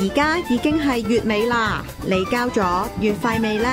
而家已經係月尾啦，你交咗月費未呢？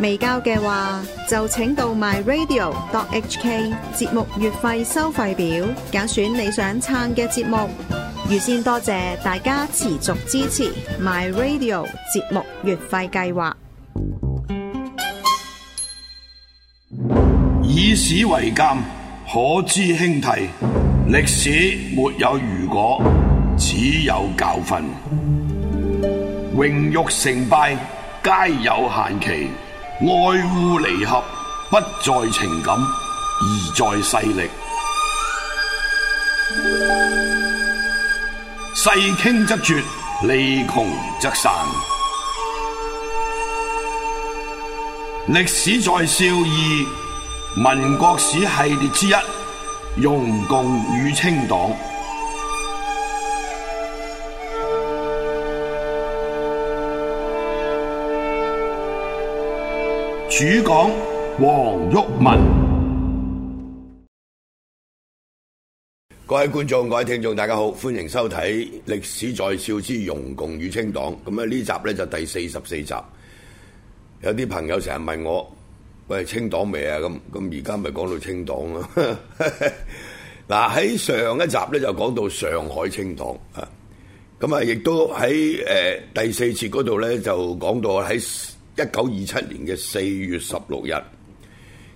未交嘅話，就請到 MyRadio.HK 節目月費收費表，揀選你想撐嘅節目。預先多謝大家持續支持 MyRadio 節目月費計劃。以史為鑑，可知興替。歷史沒有如果。只有教訓，榮辱成敗皆有限期，愛護離合不在情感，而在勢力。勢傾則絕，利窮則散。歷史在笑貳，民國史系列之一，容共與清黨。主講黃毓民，各位觀眾、各位聽眾，大家好，歡迎收睇《歷史在笑之容共與清黨》。咁啊，呢集咧就第四十四集。有啲朋友成日問我：喂，清黨未啊？咁咁而家咪講到清黨咯。嗱，喺上一集咧就講到上海清黨啊。咁啊，亦都喺誒第四節嗰度咧就講到喺。一九二七年嘅四月十六日，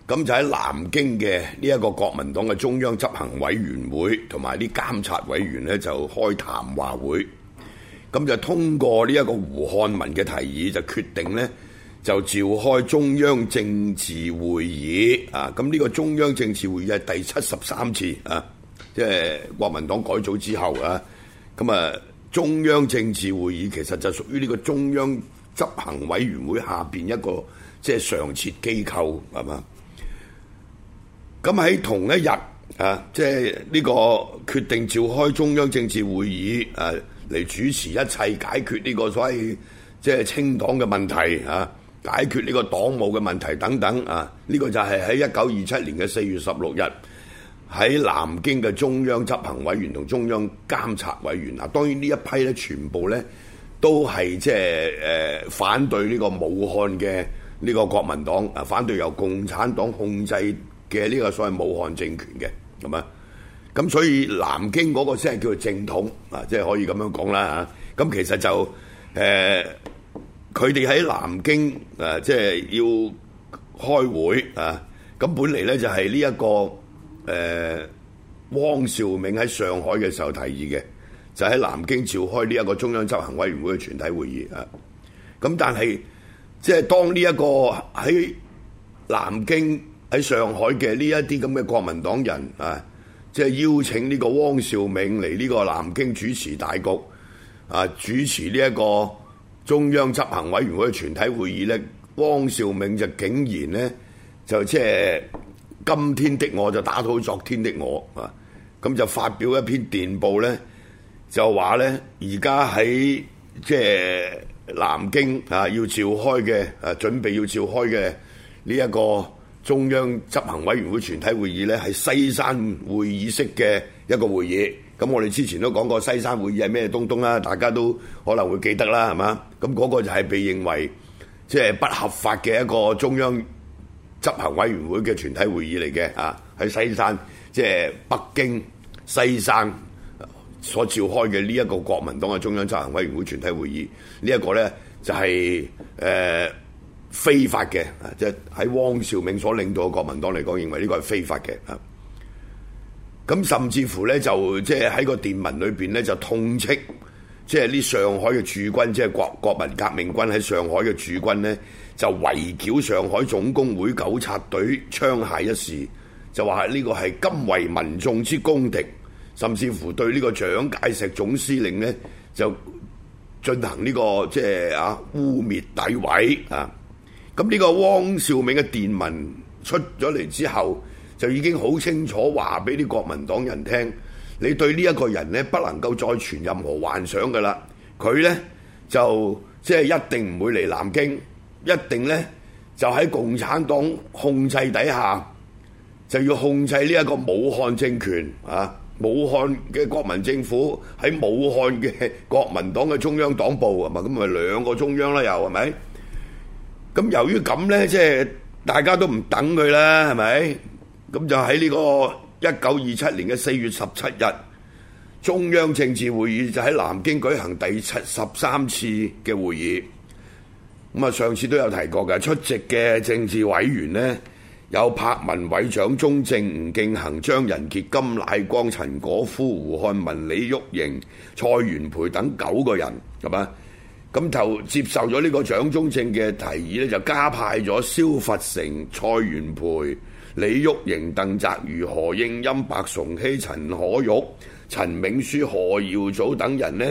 咁就喺南京嘅呢一個國民黨嘅中央執行委員會同埋啲監察委員呢就開談話會，咁就通過呢一個胡漢民嘅提議，就決定呢就召開中央政治會議啊！咁呢個中央政治會議係第七十三次啊，即係國民黨改組之後啊，咁啊中央政治會議其實就屬於呢個中央。執行委員會下邊一個即係常設機構係嘛？咁喺同一日啊，即係呢個決定召開中央政治會議啊，嚟主持一切解決呢個所謂即係清黨嘅問題啊，解決呢個黨務嘅問題等等啊，呢個就係喺一九二七年嘅四月十六日喺南京嘅中央執行委員同中央監察委員啊，當然呢一批咧全部咧。都係即係誒反對呢個武漢嘅呢個國民黨啊，反對由共產黨控制嘅呢個所謂武漢政權嘅咁啊，咁所以南京嗰個先係叫做正統啊，即係可以咁樣講啦嚇。咁、啊、其實就誒佢哋喺南京誒、啊，即係要開會啊。咁本嚟咧就係呢一個誒、呃，汪兆銘喺上海嘅時候提議嘅。就喺南京召開呢一個中央執行委員會嘅全體會議啊！咁但係即係當呢一個喺南京喺上海嘅呢一啲咁嘅國民黨人啊，即係邀請呢個汪兆銘嚟呢個南京主持大局啊，主持呢一個中央執行委員會嘅全體會議呢。汪兆銘就竟然呢，就即係今天的我就打倒昨天的我啊！咁、啊、就發表一篇電報呢。就話呢，而家喺即南京啊，要召開嘅啊，準備要召開嘅呢一個中央執行委員會全體會議呢，係西山會議式嘅一個會議。咁我哋之前都講過西山會議係咩東東啦，大家都可能會記得啦，係嘛？咁嗰個就係被認為即係不合法嘅一個中央執行委員會嘅全體會議嚟嘅啊，喺西山，即係北京西山。所召開嘅呢一個國民黨嘅中央執行委員會全體會議，呢、這、一個呢就係、是、誒、呃、非法嘅，即喺汪兆銘所領導嘅國民黨嚟講，認為呢個係非法嘅。咁、啊、甚至乎呢，就即喺個電文裏邊呢，就痛斥即係呢上海嘅駐軍，即係國國民革命軍喺上海嘅駐軍呢，就圍剿上海總工會糾察隊槍械一事，就話呢個係甘為民眾之公敵。甚至乎對呢個蔣介石總司令呢，就進行呢、呢個即係啊污蔑、詆毀啊！咁呢個汪兆銘嘅電文出咗嚟之後，就已經好清楚話俾啲國民黨人聽，你對呢一個人呢，不能夠再存任何幻想噶啦。佢呢，就即係一定唔會嚟南京，一定呢，就喺共產黨控制底下，就要控制呢一個武漢政權啊！武漢嘅國民政府喺武漢嘅國民黨嘅中央黨部啊嘛，咁咪兩個中央啦又係咪？咁由於咁呢，即係大家都唔等佢啦，係咪？咁就喺呢個一九二七年嘅四月十七日，中央政治會議就喺南京舉行第七十三次嘅會議。咁啊，上次都有提過嘅，出席嘅政治委員呢。有柏文偉、蔣中正、吳敬恒、張人傑、金乃光、陳果夫、胡漢民、李玉瑩、蔡元培等九個人，係嘛？咁頭接受咗呢個蔣中正嘅提議呢就加派咗蕭佛成、蔡元培、李玉瑩、鄧澤如、何應欽、白崇禧、陳可玉、陳明書、何耀祖等人呢，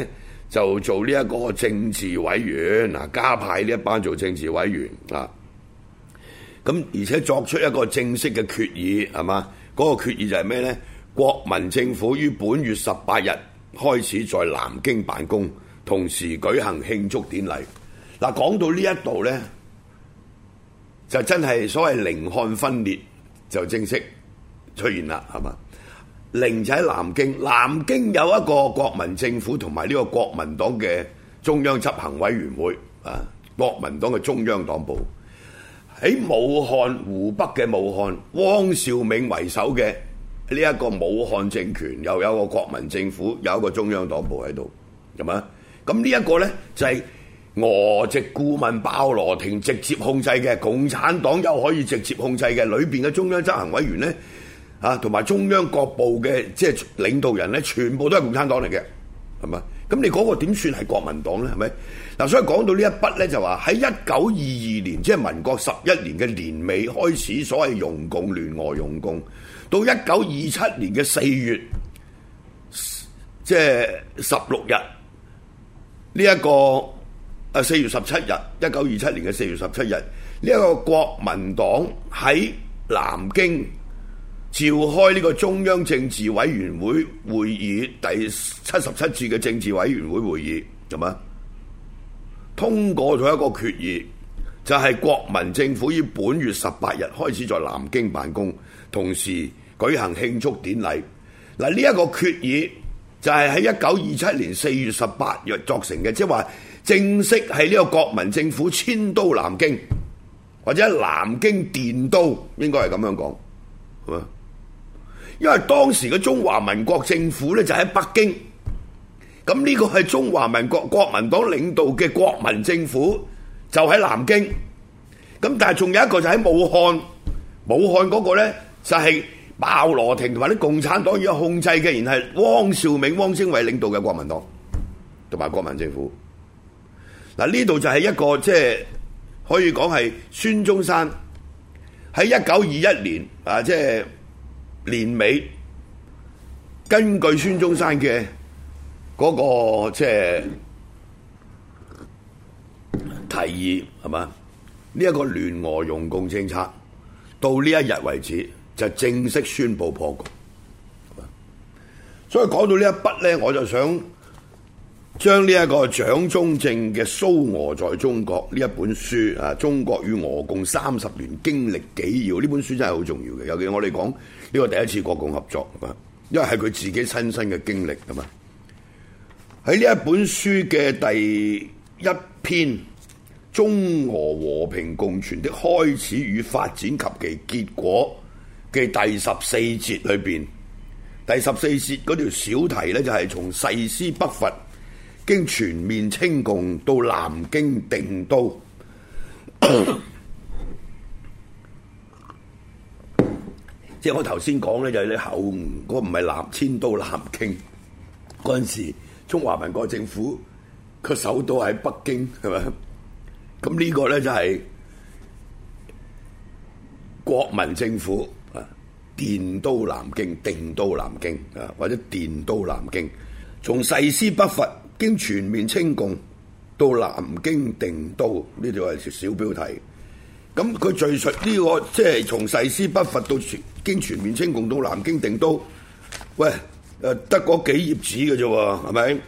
就做呢一個政治委員嗱，加派呢一班做政治委員啊。咁而且作出一個正式嘅決議，係嘛？嗰、那個決議就係咩呢？國民政府於本月十八日開始在南京辦公，同時舉行慶祝典禮。嗱、啊，講到呢一度呢，就真係所謂寧漢分裂就正式出現啦，係嘛？寧就喺南京，南京有一個國民政府同埋呢個國民黨嘅中央執行委員會啊，國民黨嘅中央黨部。喺武漢湖北嘅武漢，汪兆銘為首嘅呢一個武漢政權，又有一個國民政府，又有一個中央黨部喺度，係嘛？咁呢一個呢，就係、是、俄籍顧問鮑羅廷直接控制嘅共產黨，又可以直接控制嘅裏邊嘅中央執行委員呢，啊，同埋中央各部嘅即係領導人呢，全部都係共產黨嚟嘅，係嘛？咁你嗰個點算係國民黨呢？係咪？嗱、啊，所以講到呢一筆呢，就話喺一九二二年，即係民國十一年嘅年尾開始所謂，所謂容共聯俄容共，到一九二七年嘅四月，即係十六日呢一個，啊，四月十七日，一九二七年嘅四月十七日呢一個國民黨喺南京。召開呢個中央政治委員會會議第七十七次嘅政治委員會會議，咁啊，通過咗一個決議，就係、是、國民政府於本月十八日開始在南京辦公，同時舉行慶祝典禮。嗱，呢一個決議就係喺一九二七年四月十八日作成嘅，即係話正式係呢個國民政府遷都南京，或者南京奠都，應該係咁樣講，係嘛？因為當時嘅中華民國政府咧就喺北京，咁呢個係中華民國國民黨領導嘅國民政府就喺南京，咁但係仲有一個就喺武漢，武漢嗰個咧就係鮑羅廷同埋啲共產黨要控制嘅，然係汪兆銘、汪精衛領導嘅國民黨同埋國民政府。嗱，呢度就係一個即係可以講係孫中山喺一九二一年啊，即係。年尾，根據孫中山嘅嗰、那個即係、就是、提議，係嘛？呢、這、一個聯俄容共政策到呢一日為止，就正式宣布破局。所以講到呢一筆呢，我就想。將呢一個蔣中正嘅《蘇俄在中國》呢一本書啊，《中國與俄共三十年經歷紀要》呢本書真係好重要嘅，尤其我哋講呢個第一次國共合作啊，因為係佢自己親身嘅經歷啊嘛。喺呢一本書嘅第一篇《中俄和平共存的開始與發展及其結果》嘅第十四節裏邊，第十四節嗰條小題呢，就係從誓師北伐。經全面清共到南京定都，即係 我頭先講咧，就係你口誤，嗰唔係南遷到南京，嗰陣時中華民國政府個首都喺北京係咪？咁呢個咧就係、是、國民政府啊，電都南京定都南京啊，或者電都南京，從誓師北伐。經全面清共到南京定都呢條係小標題，咁佢敘述呢個即係從誓師北伐到全經全面清共到南京定都，喂誒、呃、得嗰幾頁紙嘅啫喎，係咪？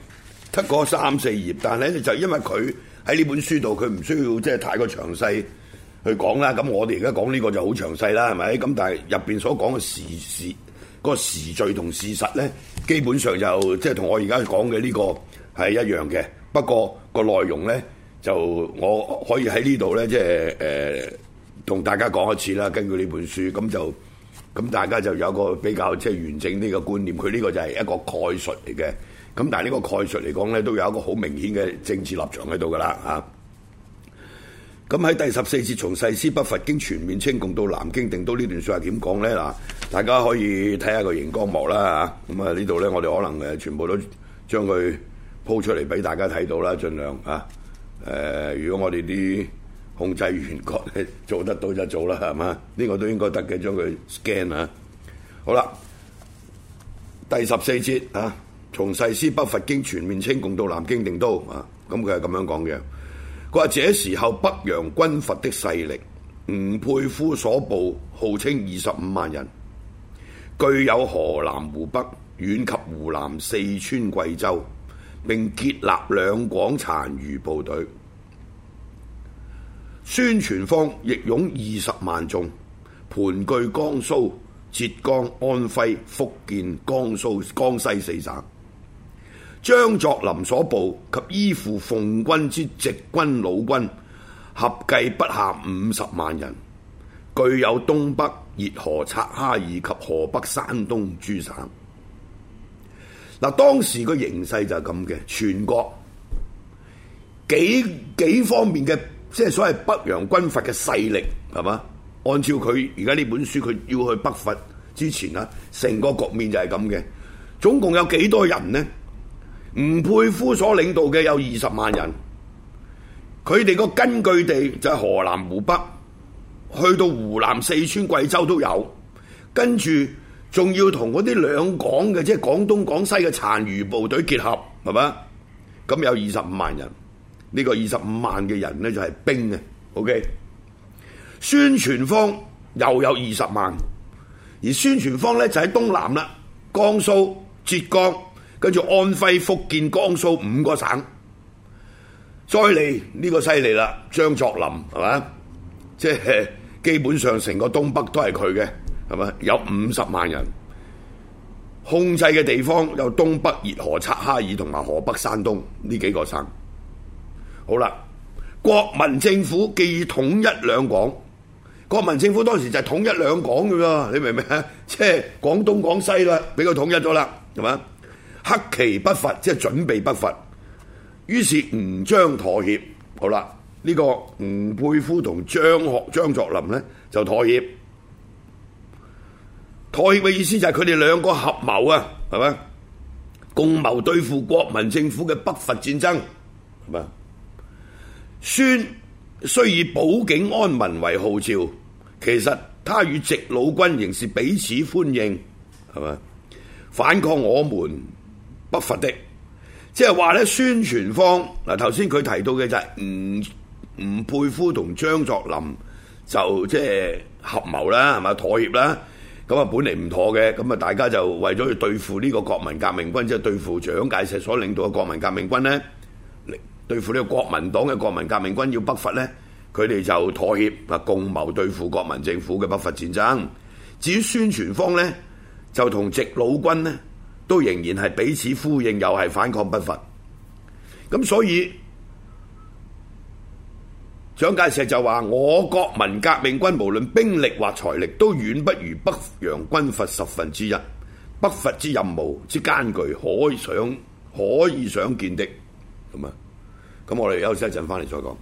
得嗰三四頁，但係咧就因為佢喺呢本書度，佢唔需要即係太過詳細去講啦。咁我哋而家講呢個就好詳細啦，係咪？咁但係入邊所講嘅時事、個時序同事實咧，基本上就即係同我而家講嘅呢、這個。係一樣嘅，不過個內容咧就我可以喺呢度咧，即係誒同大家講一次啦。根據呢本書，咁就咁大家就有個比較即係完整呢個觀念。佢呢個就係一個概述嚟嘅。咁但係呢個概述嚟講咧，都有一個好明顯嘅政治立場喺度㗎啦嚇。咁、啊、喺第十四節從《誓師北伐經》全面清共到《南京定都》呢段說話點講咧嗱？大家可以睇下個熒光幕啦嚇。咁啊呢度咧，我哋可能誒全部都將佢。鋪出嚟俾大家睇到啦，儘量啊！誒，如果我哋啲控制員閣 做得到就做啦，係嘛？呢、這個都應該得嘅，將佢 scan 啊！好啦，第十四節啊，從誓師北伐經全面清共到南京定都啊！咁佢係咁樣講嘅。佢、啊、話：這時候北洋軍閥的勢力，吳佩孚所部號稱二十五萬人，具有河南、湖北、遠及湖南、四川、貴州。並結納兩廣殘餘部隊，孫傳芳亦擁二十萬眾，盤踞江蘇、浙江、安徽、福建、江蘇、江西四省。張作霖所部及依附奉軍之直軍、老軍，合計不下五十萬人，具有東北、熱河、察哈爾及河北、山東諸省。嗱，當時個形勢就係咁嘅，全國幾幾方面嘅即係所謂北洋軍閥嘅勢力，係嘛？按照佢而家呢本書佢要去北伐之前啦，成個局面就係咁嘅。總共有幾多人呢？吳佩孚所領導嘅有二十萬人，佢哋個根據地就係河南、湖北，去到湖南、四川、貴州都有，跟住。仲要同嗰啲兩廣嘅即係廣東廣西嘅殘餘部隊結合，係咪？咁有二十五萬人，呢個二十五萬嘅人咧就係兵啊 O K，宣傳方又有二十萬，而宣傳方咧就喺東南啦，江蘇、浙江，跟住安徽、福建、江蘇五個省。再嚟呢個犀利啦，張作霖係咪？即係基本上成個東北都係佢嘅。係嘛？有五十萬人控制嘅地方有東北熱河、察哈爾同埋河北、山東呢幾個省。好啦，國民政府既已統一兩廣，國民政府當時就係統一兩廣噶啦，你明唔明啊？即係廣東、廣西啦，俾佢統一咗啦，係嘛？克期不伐，即係準備不伐，於是吳張妥協。好啦，呢、這個吳佩孚同張學張作霖呢，就妥協。妥協嘅意思就係佢哋兩個合謀啊，係嘛，共謀對付國民政府嘅北伐戰爭，係嘛。孫雖以保境安民為號召，其實他與直魯軍仍是彼此歡迎，係嘛，反抗我們北伐的，即係話咧宣傳方嗱頭先佢提到嘅就係吳吳佩孚同張作霖就即係合謀啦，係嘛妥協啦。咁啊，本嚟唔妥嘅，咁啊，大家就為咗去對付呢個國民革命軍，即係對付蔣介石所領導嘅國民革命軍呢，對付呢個國民黨嘅國民革命軍要北伐呢，佢哋就妥協啊，共謀對付國民政府嘅北伐戰爭。至於宣傳方呢，就同直魯軍呢，都仍然係彼此呼應，又係反抗北伐。咁所以，蔣介石就話：我國民革命軍無論兵力或財力，都遠不如北洋軍閥十分之一，北伐之任務之艱巨，可以想可以想見的。咁、嗯、啊，咁我哋休息一陣，翻嚟再講。